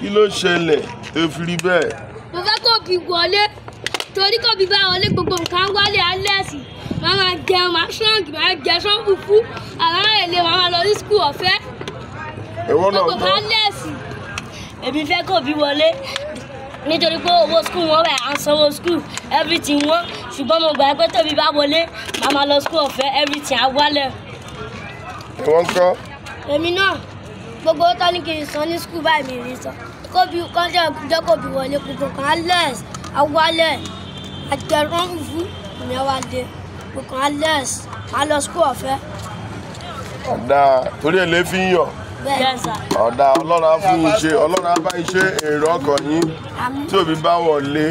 kí ló ṣẹlẹ̀ tó fi rí bẹ́ẹ̀. mo fẹ́ kó bí wọlé torí kó bí bá wọlé gbogbo nǹkan wálé alẹ́ sí màá máa jẹun màá ṣọ́ọ̀gì màá jẹ ṣọ́ọ̀bù fún àwọn ará ilé màá máa lọ sí skul ọ̀fẹ́. ẹ̀wọ́n náà gbọ́ èmi fẹ́ kó bí wọlé nítorí pé owó skul wọn wẹ̀ à ń sanwó skul everything wọn ṣùgbọ́n mo gbà pé tóbi bá wọlé màá máa lọ skul ọ̀fẹ́ everything á wálẹ̀. ẹ̀wọ́n kọ́. èmi náà gbogbo tó ní kí n san ní skul báyìí mi rí san kóbi kọ́ńtà jẹ́ kóbi wọlé gbogbo kan alex awalẹ̀ àtẹrànfù ìyẹn wá dé gbogbo kan alex má lọ skul ọ̀fẹ́. ọ̀dà torí ẹ̀ lè fi ń yọ̀ ọ̀dà ọlọ́run á fún iṣẹ́ ọlọ́run á bá iṣẹ́ èrò ọkàn yín tí òbí bá wọlé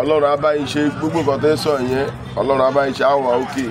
ọlọ́run á bá iṣẹ́ gbogbo nǹkan tẹ́ sọ yẹn ọlọ́run á bá iṣẹ́ àwọn òkè